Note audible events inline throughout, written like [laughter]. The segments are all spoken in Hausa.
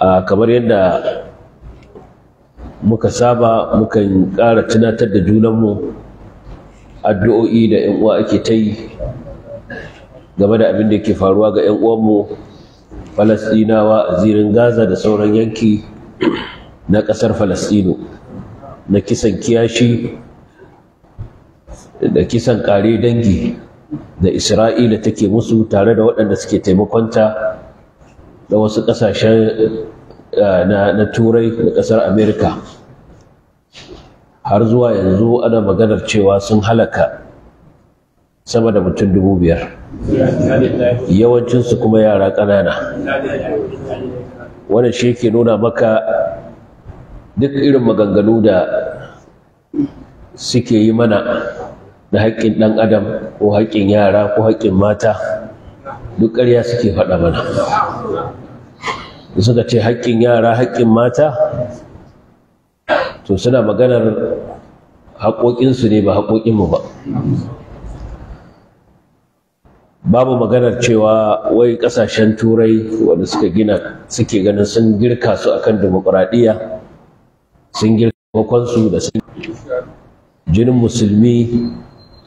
kamar yadda muka saba mukan ƙara tunatar da junanmu addu'o'i da 'yan'uwa uwa ake ta yi game da abin da ke faruwa ga yanuwanmu uwanmu falasɗinawa a zirin gaza da sauran yanki na ƙasar falasɗinu na kisan kiyashi da kisan ƙare dangi da isra'ila take musu tare da waɗanda suke taimakonta na wasu ƙasashen eh, na turai da ƙasar amerika har zuwa yanzu ana maganar cewa sun halaka sama da mutum dubu biyar yawancinsu kuma yara ƙanana Wani shi ke nuna maka duk irin maganganu da suke yi mana da haƙƙin ɗan adam ko haƙƙin yara ko haƙƙin mata duk ƙarya suke faɗa mana suka ce haƙƙin yara haƙƙin mata to suna maganar haƙoƙinsu ne ba haƙoƙinmu ba babu maganar cewa wai ƙasashen turai wanda suka gina suke ganin sun girka su a kan demokuraɗiyya sun girka makonsu da sun jinin musulmi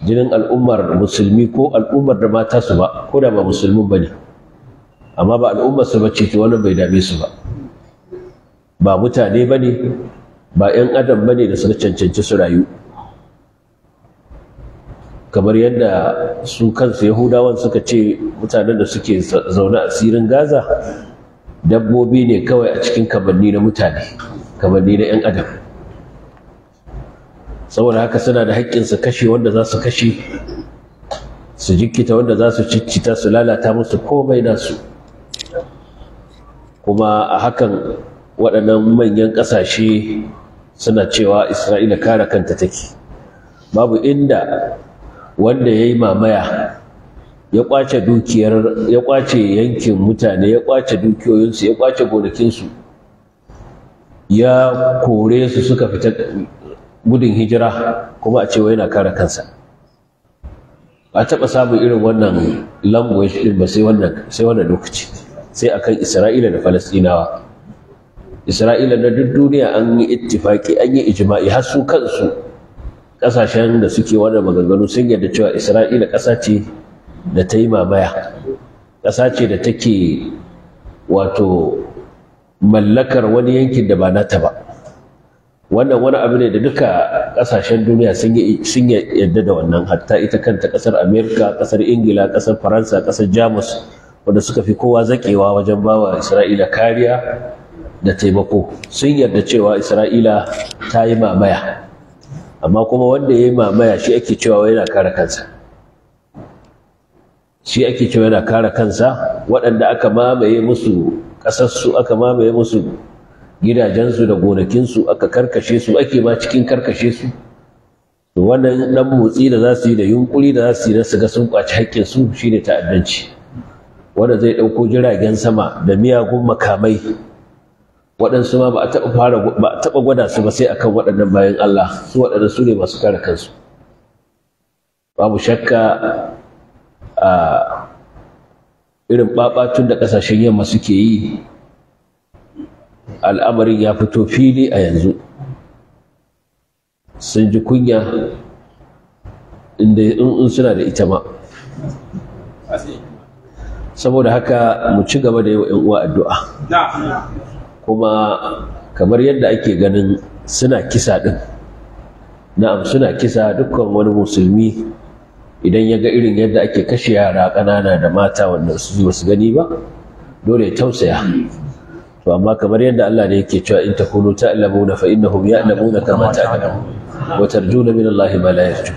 jinin al'ummar musulmi ko al'ummar da mata su ba ko da ba musulmin ba ne amma ba al'umma su bace ta wannan bai dame su ba ba mutane bane ba 'yan adam bane da suka cancanci su rayu kamar yadda su kansu yahudawan suka ce mutanen da suke zaune a sirin gaza dabbobi ne kawai a cikin kamanni na mutane kamanni na 'yan adam saboda haka suna da haƙƙin su kashe wanda za su kashe su jikita wanda za su ciccita su lalata musu komai su. kuma a hakan waɗannan manyan ƙasashe suna cewa isra'ila kare kanta take babu inda wanda ya yi mamaya ya kwace dukiyar ya kwace yankin mutane ya kwace dukiyoyinsu ya kwace gonakinsu ya kore su suka fita gudun hijira kuma a cewa yana kare kansa a taɓa samun irin wannan language ɗin ba sai wannan lokaci sai akan isra'ila da falastinawa isra'ila na duk duniya an yi ittifaki an yi ijma'i har su kansu kasashen da suke wannan maganganu sun yarda cewa isra'ila ƙasa ce da ta yi mamaya ƙasa ce da take wato mallakar wani yankin da ba nata ba wannan wani abu ne da duka ƙasashen duniya sun yarda da wannan hatta ita kanta kasar amerika ƙasar ingila ƙasar faransa ƙasar jamus wanda suka fi kowa zaƙewa wajen bawa Isra'ila kariya da taimako sun yarda cewa Isra'ila ta yi mamaya amma kuma wanda ya yi mamaya shi ake cewa yana kare kansa shi ake cewa yana kare kansa waɗanda aka mamaye musu ƙasarsu aka mamaye musu gidajensu da gonakinsu aka karkashe su ake ma cikin karkashe su wannan ɗan motsi da za su yi da yunƙuri da za su yi na su ga sun ƙwaci haƙƙinsu shine ta'addanci wanda zai ɗauko jiragen sama da miyagun makamai waɗansu ma ba a taɓa gwada su ba sai akan waɗannan bayan Allah su waɗannan su ne masu kare kansu babu shakka a irin babatun da ƙasashen yamma suke yi al'amarin ya fito fili a yanzu sun ji kunya inda in suna da ita ma saboda haka mu ci gaba da yau ‘yan uwa addu'a kuma kamar yadda ake ganin suna kisa ɗin na'am suna kisa dukkan wani musulmi idan ya ga irin yadda ake kashe yara ƙanana da mata wanda su ba su gani ba dole ya tausaya to amma kamar yadda Allah ne yake cewa in takunu ta'lamuna fa innahum ya'lamuna kama ta'lamun wa tarjuna min Allah ma la yarju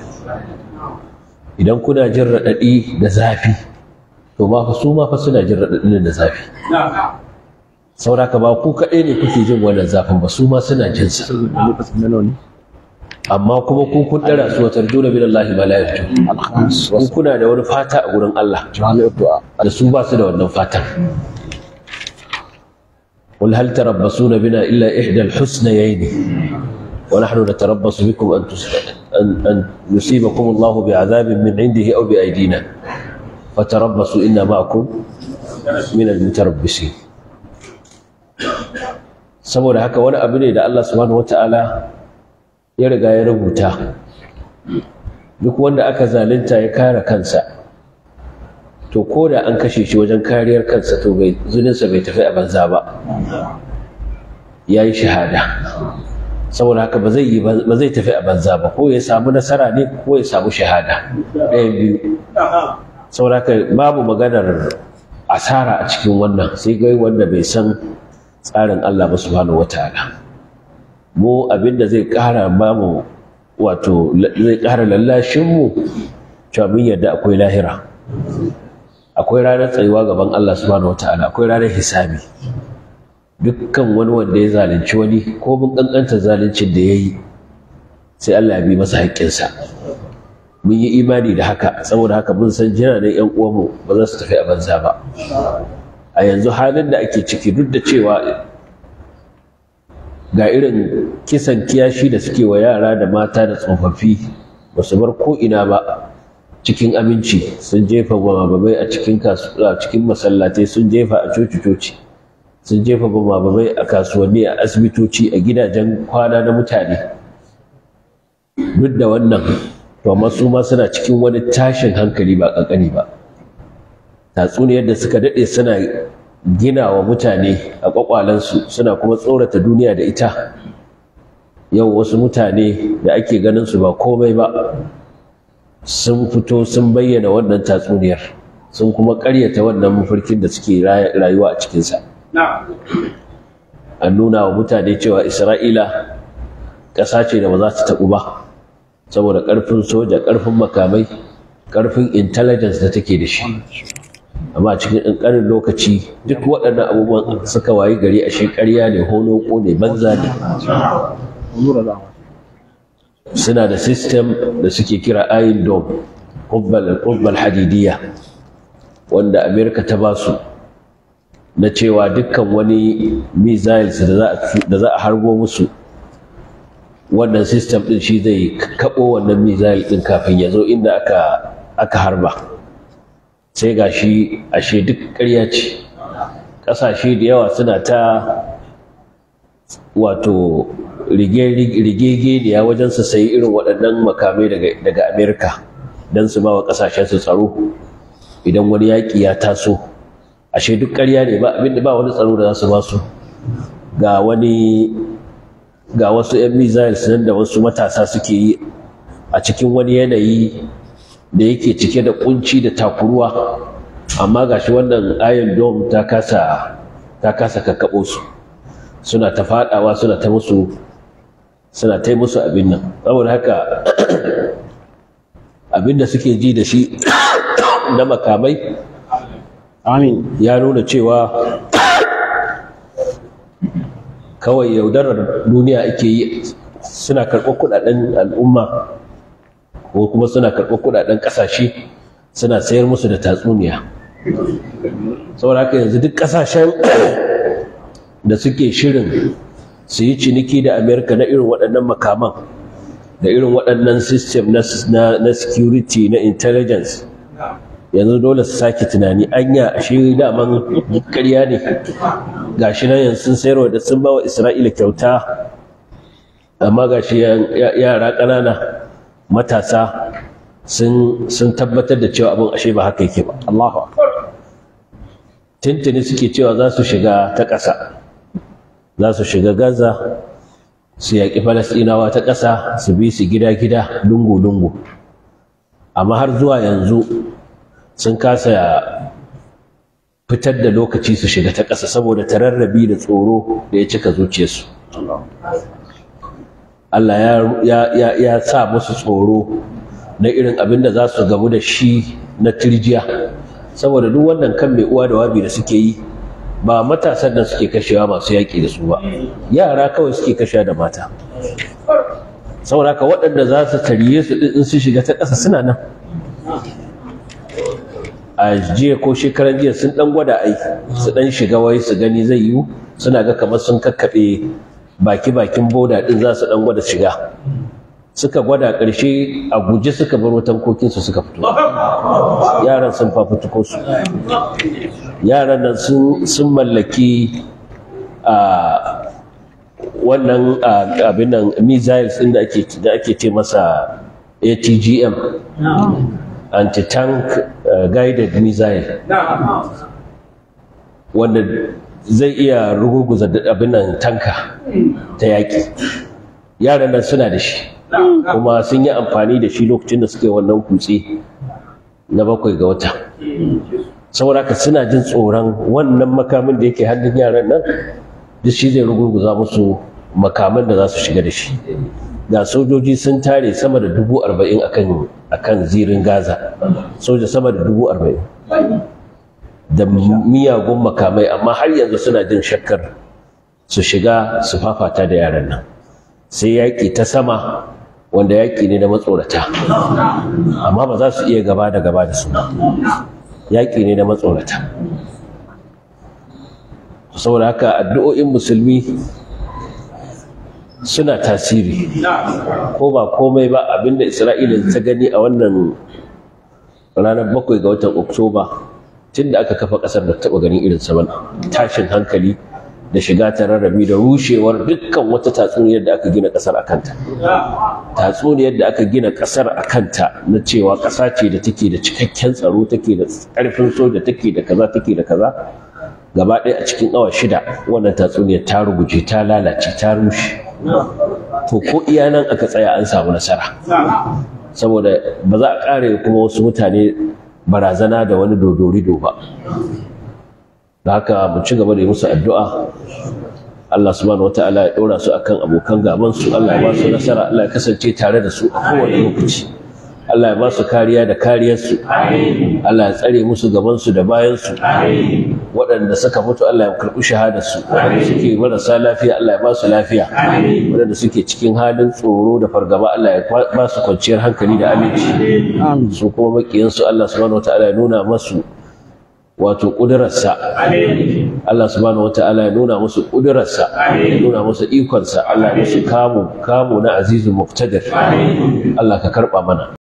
idan kuna jin radadi da zafi to ma fa su ma fa suna jin raɗaɗin da zafi sauraka ba ku kaɗai ne kuke jin wannan zafin ba su ma suna jin sa amma kuma ku kun dara su wata juna min Allah ma ku kuna da wani fata a gurin Allah da su ba su da wannan fatan قل هل تربصون بنا إلا إحدى الحسنيين ونحن نتربص بكم أن, أن, أن يصيبكم الله بعذاب من عنده أو بأيدينا fatarabbasu inna ma'akum min al-mutarabbisin saboda haka wani abu ne da Allah subhanahu Ta'ala ya riga ya rubuta duk wanda aka zalunta ya kare kansa to ko da an kashe shi wajen kariyar kansa to bai zuninsa bai tafi a banza ba ya yi shahada saboda haka ba zai tafi a banza ba ko ya samu nasara ne ko ya samu shahada ɗayan biyu sauraka babu maganar asara a cikin wannan sai gai wanda bai san tsarin Allah ba subhanahu wataala mu abinda zai ƙara babu wato zai ƙara lallashin mu cewa mun yarda akwai lahira akwai ranar tsayuwa gaban Allah subhanahu wataala akwai ranar hisabi dukkan wani wanda ya zalunci wani ko mun kankanta zaluncin da yayi sai Allah ya bi masa haƙƙinsa mun yi imani da haka saboda haka mun san jira da yan uwanmu ba za su tafi a banza ba a yanzu halin da ake ciki duk da cewa ga irin kisan kiyashi da suke wa yara da mata da tsofaffi ba su bar ko ina ba cikin aminci sun jefa gwamababai a cikin cikin masallatai sun jefa a coci-coci sun jefa gwamababai a kasuwanni a asibitoci a gidajen kwana na mutane duk da wannan to amma su ma suna cikin wani tashin hankali ba kankani ba tatsuniyar da suka daɗe suna gina wa mutane a ƙwaƙwalansu suna kuma tsorata duniya da ita yau wasu mutane da ake ganin su ba komai ba sun fito sun bayyana wannan tatsuniyar sun kuma ƙaryata wannan mafarkin da suke rayuwa a cikinsa an nuna wa mutane cewa isra'ila ƙasa ce da ba za ta taɓu ba saboda ƙarfin soja ƙarfin makamai ƙarfin intelligence da take da shi amma cikin ƙanƙanin lokaci duk waɗannan abubuwan suka wayi gari a ƙarya ne ko ne banza ne suna da system da suke kira ayin dom kubbal hadidiyya wanda amerika ta basu. na cewa dukkan wani missiles da za a harbo musu wannan system din shi zai kabo wannan misali din kafin ya zo inda aka aka harba sai ga shi ashe duk ƙarya ce ƙasashe da yawa suna ta wato da ya wajen su sayi irin waɗannan makamai daga amerika don su ba wa ƙasashensu tsaro idan wani yaki ya taso ashe duk ƙarya ne ba wani tsaro da za su ba su ga wani ga wasu 'yan missiles nan da wasu matasa suke yi a cikin wani yanayi da yake cike da kunci da takuruwa amma gashi wannan ayon dom ta kasa ta kasa kakkaɓo su suna ta faɗawa suna ta musu suna ta musu abin nan saboda haka [coughs] abin da suke ji da shi [coughs] na makamai amin ya nuna cewa kawai yaudarar duniya ake yi suna karɓar kudaden al'umma ko kuma suna karɓar kudaden ƙasashe suna sayar musu da tatsuniya saboda haka yanzu duk ƙasashen [coughs] da suke shirin su yi ciniki da amerika na irin waɗannan makaman da irin waɗannan system na security na intelligence yanzu dole su sake tunani anya ashe daman ƙarya ne gashi nan yanzu sun sayarwa da sun wa Isra'ila kyauta amma gashi yara ƙanana matasa sun tabbatar da cewa abin ashe ba haka yake ba Allahu suke cewa za su shiga ta ƙasa za su shiga Gaza su yaƙi Falasɗinawa ta ƙasa su bi su gida-gida lungu-lungu amma har zuwa yanzu sun kasa fitar da lokaci su shiga ta ƙasa saboda tararrabi da tsoro da ya cika zuciyarsu Allah ya sa musu tsoro na irin abin da za su gabu da shi na tirjiya saboda duk wannan kan mai uwa da wabi da suke yi ba matasan da suke kashewa masu yaki da su ba yara kawai suke kashewa da mata saboda haka waɗanda za su tarye su in su shiga ta ƙasa suna nan a jiya ko shekaran jiya sun dan gwada aiki su dan shiga wai su gani zai yiwu suna ga kamar sun kakkaɓe baki bakin boda din za su dan gwada shiga suka gwada ƙarshe a guji suka bar su suka fito yaran sun ko su yaran nan sun mallaki a wannan abin nan missiles din da ake ce masa atgm anti-tank Eh, guided missile wanda zai iya ruguguza abin nan tanka ta yaƙi yaran nan suna da shi kuma sun yi amfani da shi lokacin da suke wannan kutse na bakwai ga wata saboda suna jin tsoron wannan makamin da yake hannun yaran nan duk shi zai ruguguza musu makaman da za su shiga da shi da sojoji sun tare sama da dubu arba'in a akan a kan zirin gaza soja sama da dubu arba'in da miyagun makamai amma har yanzu suna jin shakkar su shiga su fafata da yaran nan sai yaƙi ta sama wanda yaƙi ne na matsorata amma ba za su iya gaba da gaba da suna yaƙi ne na matsorata saboda haka addu'o'in musulmi suna tasiri ko ba komai ba abinda isra'ila ta gani a wannan ranar bakwai ga watan oktoba tun da aka kafa kasar da taba ganin irin saman tashin hankali da shiga ta rarrabi da rushewar dukkan wata tatsuniyar da aka gina kasar a kanta tatsuniyar da aka gina kasar a kanta na cewa ƙasa ce da take da cikakken tsaro take da karfin soja take da kaza take da kaza gaba ɗaya a cikin awa shida wannan tatsuniyar ta ruguje ta lalace ta rushe to ko iya nan aka tsaya an samu nasara saboda ba za a ƙare kuma wasu mutane barazana da wani dodorido ba da haka mu ci gaba da yi musu addu'a Allah subhanahu wata'ala ya ɗora su akan abokan gaban su Allah ya ba su nasara Allah ya kasance tare da su a kowane lokaci Allah ya ba su kariya da kariyarsu Allah ya tsare musu gabansu da bayansu waɗanda suka mutu Allah ya karɓi shahadarsu waɗanda suke marasa lafiya Allah ya ba su lafiya waɗanda suke cikin halin tsoro da fargaba Allah ya ba su kwanciyar hankali da aminci su kuma maƙiyansu Allah subhanahu wataala ya nuna masu wato ƙudurarsa Allah subhanahu wata'ala ya nuna musu ƙudurarsa ya nuna musu ikonsa Allah ya musu kamu kamu na azizu muftadir Allah ka karɓa mana